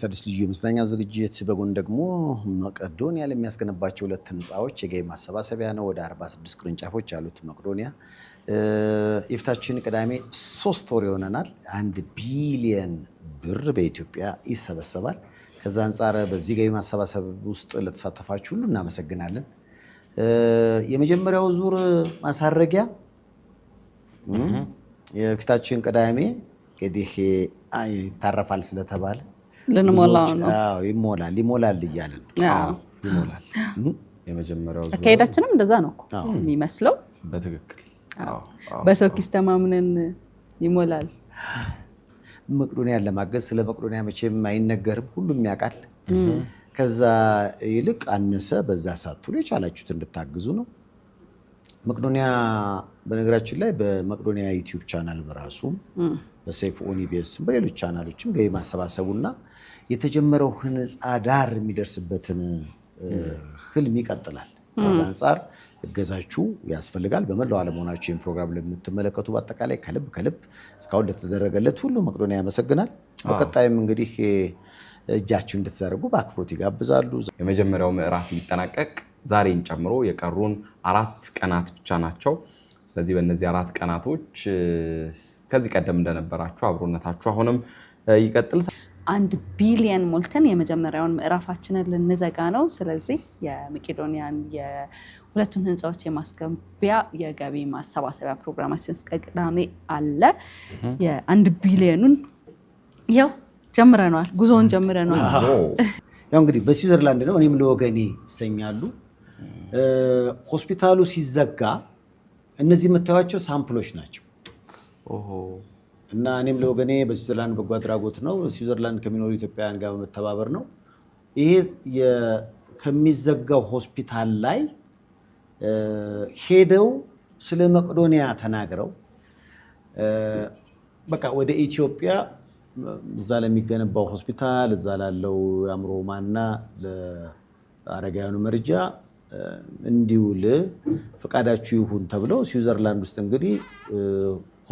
ሰድስ ልዩ የመዝናኛ ዝግጅት በጎን ደግሞ መቄዶንያ ለሚያስገነባቸው ሁለት ህንፃዎች የገቢ ማሰባሰቢያ ነው። ወደ 46 ቅርንጫፎች ያሉት መቄዶንያ ኢፍታችን ቅዳሜ ሶስት ወር ይሆነናል። አንድ ቢሊየን ብር በኢትዮጵያ ይሰበሰባል። ከዛ አንጻር በዚህ ገቢ ማሰባሰብ ውስጥ ለተሳተፋችሁ ሁሉ እናመሰግናለን። የመጀመሪያው ዙር ማሳረጊያ የፊታችን ቅዳሜ እንግዲህ ይታረፋል ስለተባለ ልንሞላው ነው። ይሞላል ይሞላል እያለን ይሞላል። የመጀመሪያው አካሄዳችንም እንደዛ ነው የሚመስለው። በትክክል በሰው ኪስ ተማምነን ይሞላል። መቅዶኒያን ለማገዝ ስለ መቅዶኒያ መቼም አይነገርም፣ ሁሉም ያውቃል። ከዛ ይልቅ አነሰ በዛ ሳትሉ የቻላችሁት እንድታግዙ ነው። መቅዶኒያ በነገራችን ላይ በመቅዶኒያ ዩቲዩብ ቻናል በራሱም በሰይፉ ኦን ኢቢኤስም በሌሎች ቻናሎችም ገቢ ማሰባሰቡና የተጀመረው ህንፃ ዳር የሚደርስበትን ህልም ይቀጥላል። ከዚ አንጻር እገዛችሁ ያስፈልጋል። በመላው ዓለም ሆናችሁ ይህን ፕሮግራም ለምትመለከቱ በአጠቃላይ ከልብ ከልብ እስካሁን ለተደረገለት ሁሉ መቅዶኒያ ያመሰግናል። በቀጣይም እንግዲህ እጃችሁ እንድትዘረጉ በአክብሮት ይጋብዛሉ። የመጀመሪያው ምዕራፍ ሊጠናቀቅ ዛሬን ጨምሮ የቀሩን አራት ቀናት ብቻ ናቸው። ስለዚህ በእነዚህ አራት ቀናቶች ከዚህ ቀደም እንደነበራችሁ አብሮነታችሁ አሁንም ይቀጥል። አንድ ቢሊየን ሞልተን የመጀመሪያውን ምዕራፋችንን ልንዘጋ ነው። ስለዚህ የመቄዶንያን የሁለቱን ህንፃዎች የማስገቢያ የገቢ ማሰባሰቢያ ፕሮግራማችን እስከ ቅዳሜ አለ። የአንድ ቢሊየኑን ያው ጀምረነዋል፣ ጉዞውን ጀምረነዋል። ያው እንግዲህ በስዊዘርላንድ ነው። እኔም ለወገኔ ይሰኛሉ። ሆስፒታሉ ሲዘጋ እነዚህ የምታዩቸው ሳምፕሎች ናቸው። እና እኔም ለወገኔ በስዊዘርላንድ በጎ አድራጎት ነው ስዊዘርላንድ ከሚኖሩ ኢትዮጵያውያን ጋር በመተባበር ነው። ይሄ ከሚዘጋው ሆስፒታል ላይ ሄደው ስለ መቅዶኒያ ተናግረው በቃ ወደ ኢትዮጵያ እዛ ለሚገነባው ሆስፒታል እዛ ላለው አእምሮ ማና ለአረጋውያኑ መርጃ እንዲውል ፈቃዳችሁ ይሁን ተብለው ስዊዘርላንድ ውስጥ እንግዲህ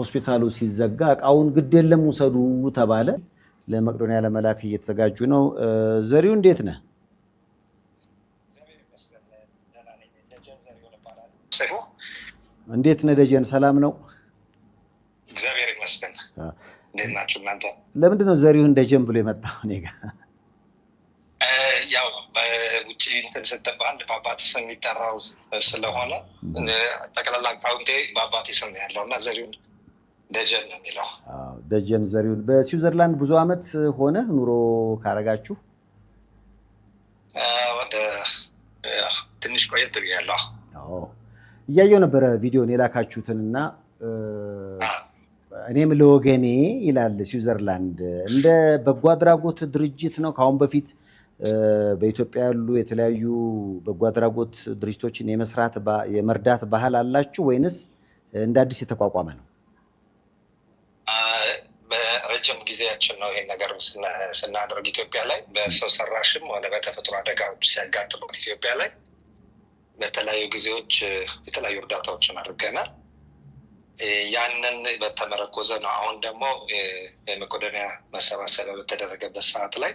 ሆስፒታሉ ሲዘጋ እቃውን ግድ የለም ውሰዱ ተባለ። ለመቅዶኒያ ለመላክ እየተዘጋጁ ነው። ዘሪው እንዴት ነህ? እንዴት ነህ ደጀን? ሰላም ነው? እግዚአብሔር ይመስገን። እንዴት ናችሁ እናንተ? ለምንድን ነው ዘሪሁን ደጀን ብሎ የመጣው እኔ ጋር? ያው በውጭ እንትን ስትባል አንድ በአባቴ ስም የሚጠራው ስለሆነ ጠቅላላ አካውንቴ በአባቴ ስም ነው ያለው እና ዘሪሁን ደጀን ነው የሚለው። ደጀን ዘሪሁን፣ በስዊዘርላንድ ብዙ አመት ሆነ ኑሮ ካረጋችሁ? ወደ ትንሽ ቆየት ብያለሁ። እያየው ነበረ ቪዲዮን የላካችሁትንና እኔም ለወገኔ ይላል። ስዊዘርላንድ እንደ በጎ አድራጎት ድርጅት ነው። ከአሁን በፊት በኢትዮጵያ ያሉ የተለያዩ በጎ አድራጎት ድርጅቶችን የመስራት የመርዳት ባህል አላችሁ ወይንስ እንደ አዲስ የተቋቋመ ነው? ረጅም ጊዜያችን ነው ይሄን ነገር ስናደርግ ኢትዮጵያ ላይ በሰው ሰራሽም ሆነ በተፈጥሮ አደጋዎች ሲያጋጥሙት ኢትዮጵያ ላይ በተለያዩ ጊዜዎች የተለያዩ እርዳታዎችን አድርገናል። ያንን በተመረኮዘ ነው። አሁን ደግሞ የመቄዶንያ መሰባሰቢያ በተደረገበት ሰዓት ላይ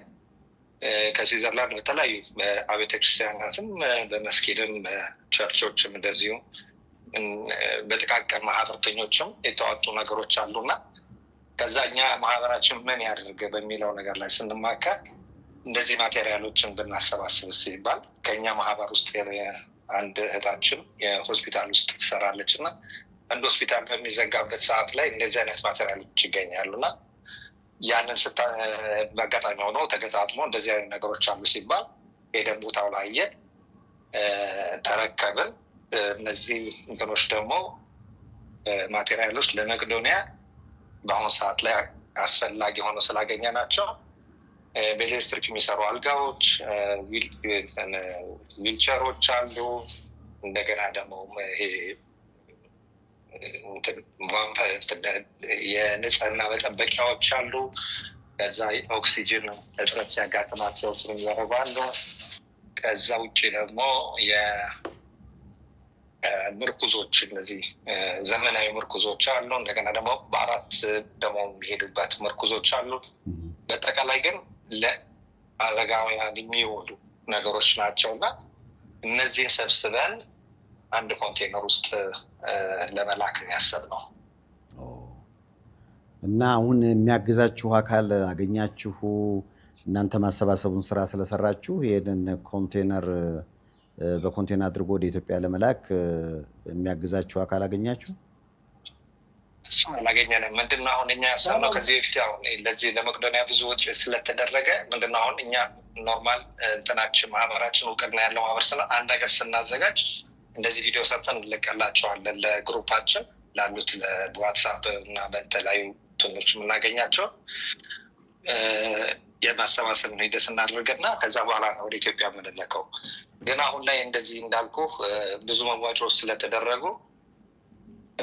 ከስዊዘርላንድ በተለያዩ በአብያተ ክርስቲያናትም በመስጊድም በቸርቾችም እንደዚሁ በጥቃቅን ማህበርተኞችም የተዋጡ ነገሮች አሉና ከዛ እኛ ማህበራችን ምን ያደርገ በሚለው ነገር ላይ ስንማከር እንደዚህ ማቴሪያሎችን ብናሰባስብ ሲባል ከእኛ ማህበር ውስጥ አንድ እህታችን የሆስፒታል ውስጥ ትሰራለች እና አንድ ሆስፒታል በሚዘጋበት ሰዓት ላይ እንደዚህ አይነት ማቴሪያሎች ይገኛሉ እና ያንን ስታ በአጋጣሚ ሆኖ ተገጣጥሞ እንደዚህ አይነት ነገሮች አሉ ሲባል ሄደን ቦታው ላየን ተረከብን። እነዚህ እንትኖች ደግሞ ማቴሪያሎች ለመቅዶኒያ በአሁኑ ሰዓት ላይ አስፈላጊ ሆኖ ስላገኘ ናቸው። በኤሌክትሪክ የሚሰሩ አልጋዎች፣ ዊልቸሮች አሉ። እንደገና ደግሞ የንጽህና መጠበቂያዎች አሉ። ከዛ ኦክሲጅን እጥረት ሲያጋጥማቸው ያደርጋሉ። ከዛ ውጭ ደግሞ ምርኩዞች እነዚህ ዘመናዊ ምርኩዞች አሉ። እንደገና ደግሞ በአራት ደግሞ የሚሄዱበት ምርኩዞች አሉ። በጠቃላይ ግን ለአረጋውያን የሚወዱ ነገሮች ናቸው እና እነዚህን ሰብስበን አንድ ኮንቴነር ውስጥ ለመላክ የሚያሰብ ነው እና አሁን የሚያግዛችሁ አካል አገኛችሁ እናንተ ማሰባሰቡን ስራ ስለሰራችሁ ይህንን ኮንቴነር በኮንቴና አድርጎ ወደ ኢትዮጵያ ለመላክ የሚያግዛችሁ አካል አገኛችሁ? እሱም አላገኘንም። ምንድነው አሁን እኛ ነው ከዚህ በፊት አሁን ለዚህ ለመቅዶኒያ ብዙ ወጪ ስለተደረገ ምንድነው አሁን እኛ ኖርማል እንትናችን ማህበራችን እውቅና ያለው ማህበር ስለ አንድ ሀገር ስናዘጋጅ እንደዚህ ቪዲዮ ሰርተን እንለቀላቸዋለን ለግሩፓችን ላሉት በዋትሳፕ እና በተለያዩ ትኖች የምናገኛቸው የማሰባሰብ ሂደት እናደርግና ከዛ በኋላ ወደ ኢትዮጵያ የምንለቀው ግን አሁን ላይ እንደዚህ እንዳልኩ ብዙ መዋጮ ስለተደረጉ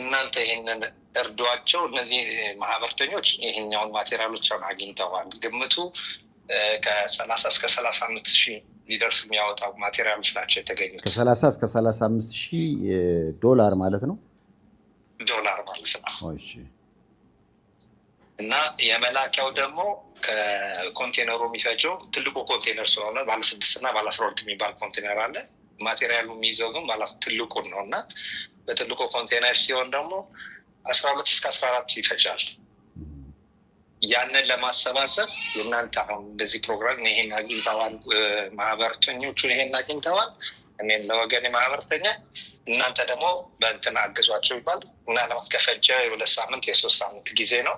እናንተ ይህንን እርዷቸው። እነዚህ ማህበርተኞች ይህኛውን ማቴሪያሎችን አግኝተዋል። ግምቱ ከሰላሳ እስከ ሰላሳ አምስት ሺህ ሊደርስ የሚያወጣው ማቴሪያሎች ናቸው የተገኙት። ከሰላሳ እስከ ሰላሳ አምስት ሺህ ዶላር ማለት ነው ዶላር ማለት ነው። እና የመላኪያው ደግሞ ከኮንቴነሩ የሚፈጀው ትልቁ ኮንቴነር ስለሆነ ባለስድስት እና ባለ አስራ ሁለት የሚባል ኮንቴነር አለ። ማቴሪያሉ የሚይዘው ግን ባለ ትልቁን ነው እና በትልቁ ኮንቴነር ሲሆን ደግሞ አስራ ሁለት እስከ አስራ አራት ይፈጃል። ያንን ለማሰባሰብ የእናንተ አሁን እንደዚህ ፕሮግራም ይሄን አግኝተዋል፣ ማህበርተኞቹን ይሄን አግኝተዋል፣ እኔም ለወገኔ ማህበርተኛ እናንተ ደግሞ በእንትን አግዟቸው ይባል እና ለማስከፈጀ የሁለት ሳምንት የሶስት ሳምንት ጊዜ ነው።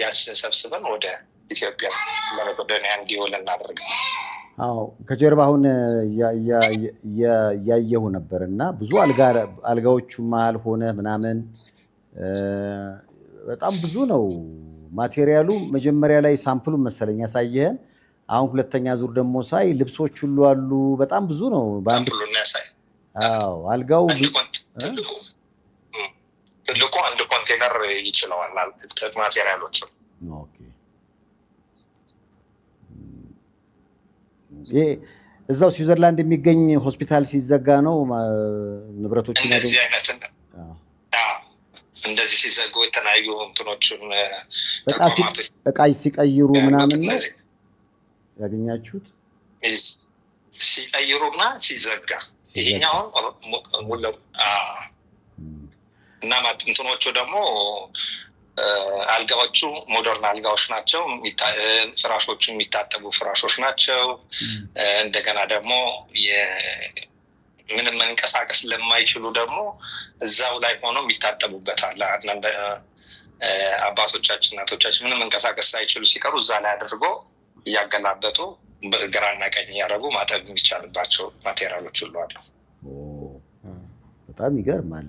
ያችን ሰብስበን ወደ ኢትዮጵያ ለመቄዶንያ እንዲውል እናደርግ። አዎ ከጀርባ አሁን እያየሁ ነበር እና ብዙ አልጋዎቹ መሀል ሆነ ምናምን በጣም ብዙ ነው ማቴሪያሉ። መጀመሪያ ላይ ሳምፕሉ መሰለኝ ያሳየህን። አሁን ሁለተኛ ዙር ደግሞ ሳይ ልብሶች ሁሉ አሉ። በጣም ብዙ ነው። አልጋው ትልቁ አንድ ኮንቴነር ይችለዋል ጥቅ ማቴሪያሎችን እዛው ስዊዘርላንድ የሚገኝ ሆስፒታል ሲዘጋ ነው ንብረቶች እንደዚህ አይነት እንደዚህ ሲዘጉ የተለያዩ እንትኖችን እቃ ሲቀይሩ ምናምን ነው ያገኛችሁት ሲቀይሩና ሲዘጋ ይሄኛውን እና እንትኖቹ ደግሞ አልጋዎቹ ሞደርን አልጋዎች ናቸው። ፍራሾቹ የሚታጠቡ ፍራሾች ናቸው። እንደገና ደግሞ ምንም መንቀሳቀስ ለማይችሉ ደግሞ እዛው ላይ የሚታጠቡበታል። አንዳንድ አባቶቻችን እናቶቻችን ምንም መንቀሳቀስ ሳይችሉ ሲቀሩ እዛ ላይ አድርጎ እያገላበጡ ግራና ቀኝ እያደረጉ ማጠብ የሚቻልባቸው ማቴሪያሎች ሁሉ አሉ። በጣም ይገርማል።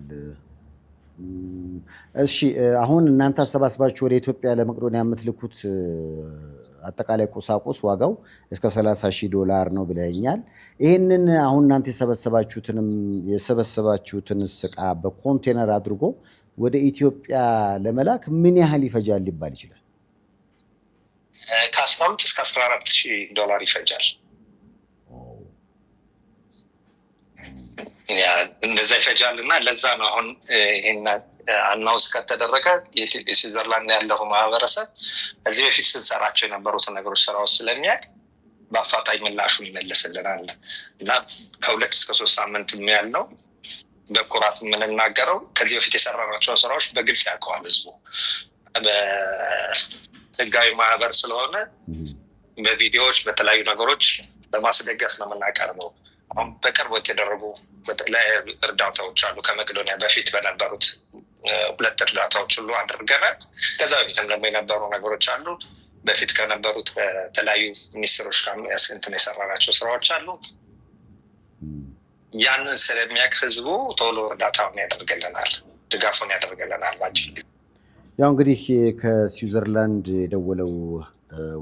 እሺ አሁን እናንተ አሰባስባችሁ ወደ ኢትዮጵያ ለመቄዶንያ የምትልኩት አጠቃላይ ቁሳቁስ ዋጋው እስከ 30 ሺህ ዶላር ነው ብለኛል። ይህንን አሁን እናንተ የሰበሰባችሁትንም የሰበሰባችሁትን እቃ በኮንቴነር አድርጎ ወደ ኢትዮጵያ ለመላክ ምን ያህል ይፈጃል ሊባል ይችላል? ከ15 እስከ 14 ሺህ ዶላር ይፈጃል። እንደዛ ይፈጃል እና ለዛ ነው አሁን ይህን አናውንስ ከተደረገ ስዊዘርላንድ ያለው ማህበረሰብ ከዚህ በፊት ስንሰራቸው የነበሩትን ነገሮች ስራዎች ስለሚያቅ በአፋጣኝ ምላሹን ይመለስልናል እና ከሁለት እስከ ሶስት ሳምንት ያለው በኩራት የምንናገረው ከዚህ በፊት የሰራናቸውን ስራዎች በግልጽ ያውቀዋል ህዝቡ። በህጋዊ ማህበር ስለሆነ በቪዲዮዎች በተለያዩ ነገሮች በማስደገፍ ነው የምናቀርበው። አሁን በቅርቦት የተደረጉ እርዳታዎች አሉ ከመቅዶኒያ በፊት በነበሩት ሁለት እርዳታዎች ሁሉ አድርገናል። ከዛ በፊትም ደግሞ የነበሩ ነገሮች አሉ። በፊት ከነበሩት በተለያዩ ሚኒስትሮች ጋር እንትን የሰራናቸው ስራዎች አሉ። ያንን ስለሚያውቅ ህዝቡ ቶሎ እርዳታውን ያደርግልናል፣ ድጋፉን ያደርግልናል። ባጭ ያው እንግዲህ ከስዊዘርላንድ የደወለው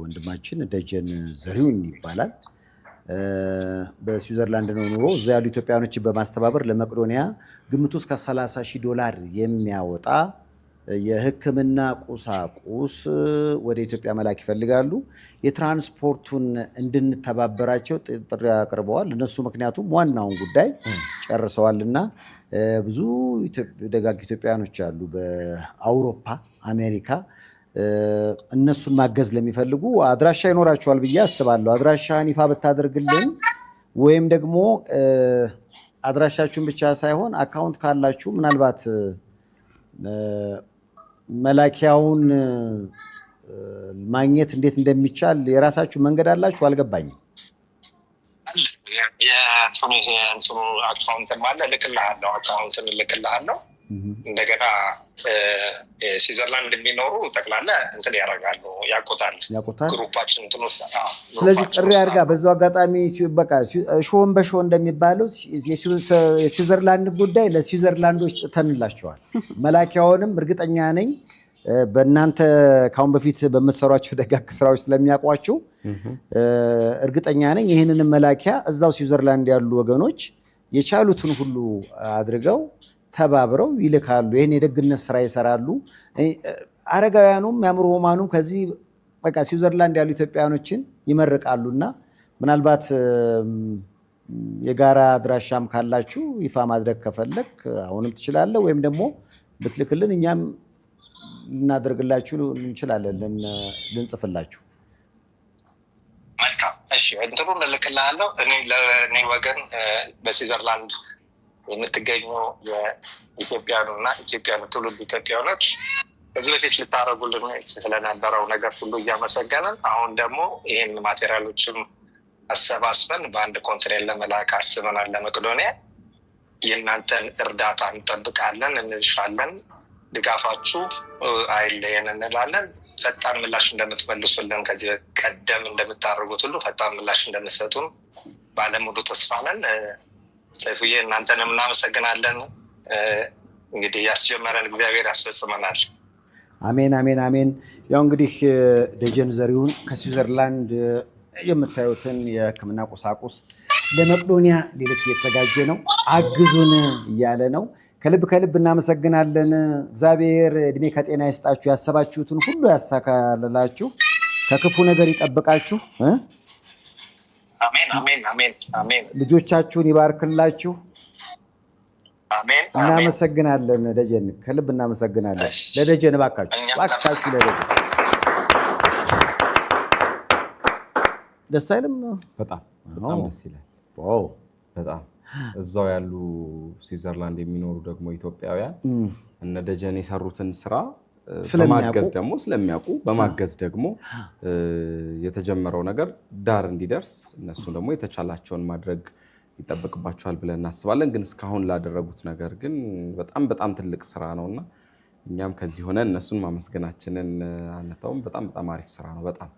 ወንድማችን ደጀን ዘሪሁን ይባላል። በስዊዘርላንድ ነው ኑሮ። እዛ ያሉ ኢትዮጵያውያኖችን በማስተባበር ለመቅዶኒያ ግምቱ እስከ 30 ሺህ ዶላር የሚያወጣ የሕክምና ቁሳቁስ ወደ ኢትዮጵያ መላክ ይፈልጋሉ። የትራንስፖርቱን እንድንተባበራቸው ጥሪ አቅርበዋል። እነሱ ምክንያቱም ዋናውን ጉዳይ ጨርሰዋልና ብዙ ደጋግ ኢትዮጵያውያኖች አሉ በአውሮፓ አሜሪካ እነሱን ማገዝ ለሚፈልጉ አድራሻ ይኖራቸዋል ብዬ አስባለሁ። አድራሻህን ይፋ ብታደርግልን ወይም ደግሞ አድራሻችሁን ብቻ ሳይሆን አካውንት ካላችሁ ምናልባት መላኪያውን ማግኘት እንዴት እንደሚቻል የራሳችሁ መንገድ አላችሁ? አልገባኝም። የእንትኑ አካውንትን ማለት እልክልሃለሁ አካውንትን እልክልሃለሁ Mm-hmm. እንደገና ስዊዘርላንድ የሚኖሩ ጠቅላላ እንትን ያደርጋሉ ያቆታል ያቆታል ግሩፓችን እንትን ውስጥ። ስለዚህ ጥሪ አድርጋ በዛው አጋጣሚ በቃ ሾን በሾ እንደሚባለው የስዊዘርላንድ ጉዳይ ለስዊዘርላንዶች ጥተንላቸዋል። መላኪያውንም እርግጠኛ ነኝ በእናንተ ካሁን በፊት በምትሰሯቸው ደጋግ ስራዎች ስለሚያውቋችሁ እርግጠኛ ነኝ ይህንንም መላኪያ እዛው ስዊዘርላንድ ያሉ ወገኖች የቻሉትን ሁሉ አድርገው ተባብረው ይልካሉ። ይህን የደግነት ስራ ይሰራሉ። አረጋውያኑም የአእምሮ ህሙማኑም ከዚህ በቃ ስዊዘርላንድ ያሉ ኢትዮጵያውያኖችን ይመርቃሉ እና ምናልባት የጋራ አድራሻም ካላችሁ ይፋ ማድረግ ከፈለግ አሁንም ትችላለህ፣ ወይም ደግሞ ብትልክልን እኛም ልናደርግላችሁ እንችላለን፣ ልንጽፍላችሁ። መልካም እሺ፣ እንትሩ እልክልሃለሁ እኔ ወገን በስዊዘርላንድ የምትገኙ የኢትዮጵያኑ እና ኢትዮጵያኑ ትውልድ ኢትዮጵያኖች ከዚህ በፊት ልታደረጉልን ስለነበረው ነገር ሁሉ እያመሰገንን አሁን ደግሞ ይህን ማቴሪያሎችም አሰባስበን በአንድ ኮንትኔን ለመላክ አስበናል። ለመቅዶኒያ የእናንተን እርዳታ እንጠብቃለን፣ እንልሻለን። ድጋፋችሁ አይለየን እንላለን። ፈጣን ምላሽ እንደምትመልሱልን ከዚህ ቀደም እንደምታደርጉት ሁሉ ፈጣን ምላሽ እንደምትሰጡን ባለሙሉ ተስፋ ነን። ሰይፉዬ እናንተንም እናመሰግናለን። እንግዲህ ያስጀመረን እግዚአብሔር ያስፈጽመናል። አሜን፣ አሜን፣ አሜን። ያው እንግዲህ ደጀን ዘሪሁን ከስዊዘርላንድ የምታዩትን የሕክምና ቁሳቁስ ለመቅዶኒያ ሌሎች እየተዘጋጀ ነው፣ አግዙን እያለ ነው። ከልብ ከልብ እናመሰግናለን። እግዚአብሔር እድሜ ከጤና ይስጣችሁ፣ ያሰባችሁትን ሁሉ ያሳካልላችሁ፣ ከክፉ ነገር ይጠብቃችሁ። ልጆቻችሁን ይባርክላችሁ። እናመሰግናለን ደጀን፣ ከልብ እናመሰግናለን። ለደጀን እባካችሁ እባካችሁ ለደጀን ደስ አይልም? በጣም ደስ ይላል። በጣም እዛው ያሉ ስዊዘርላንድ የሚኖሩ ደግሞ ኢትዮጵያውያን እነ ደጀን የሰሩትን ስራ በማገዝ ደግሞ ስለሚያውቁ በማገዝ ደግሞ የተጀመረው ነገር ዳር እንዲደርስ እነሱ ደግሞ የተቻላቸውን ማድረግ ይጠበቅባቸዋል ብለን እናስባለን። ግን እስካሁን ላደረጉት ነገር ግን በጣም በጣም ትልቅ ስራ ነውና እኛም ከዚህ ሆነ እነሱን ማመስገናችንን አንተውም። በጣም በጣም አሪፍ ስራ ነው በጣም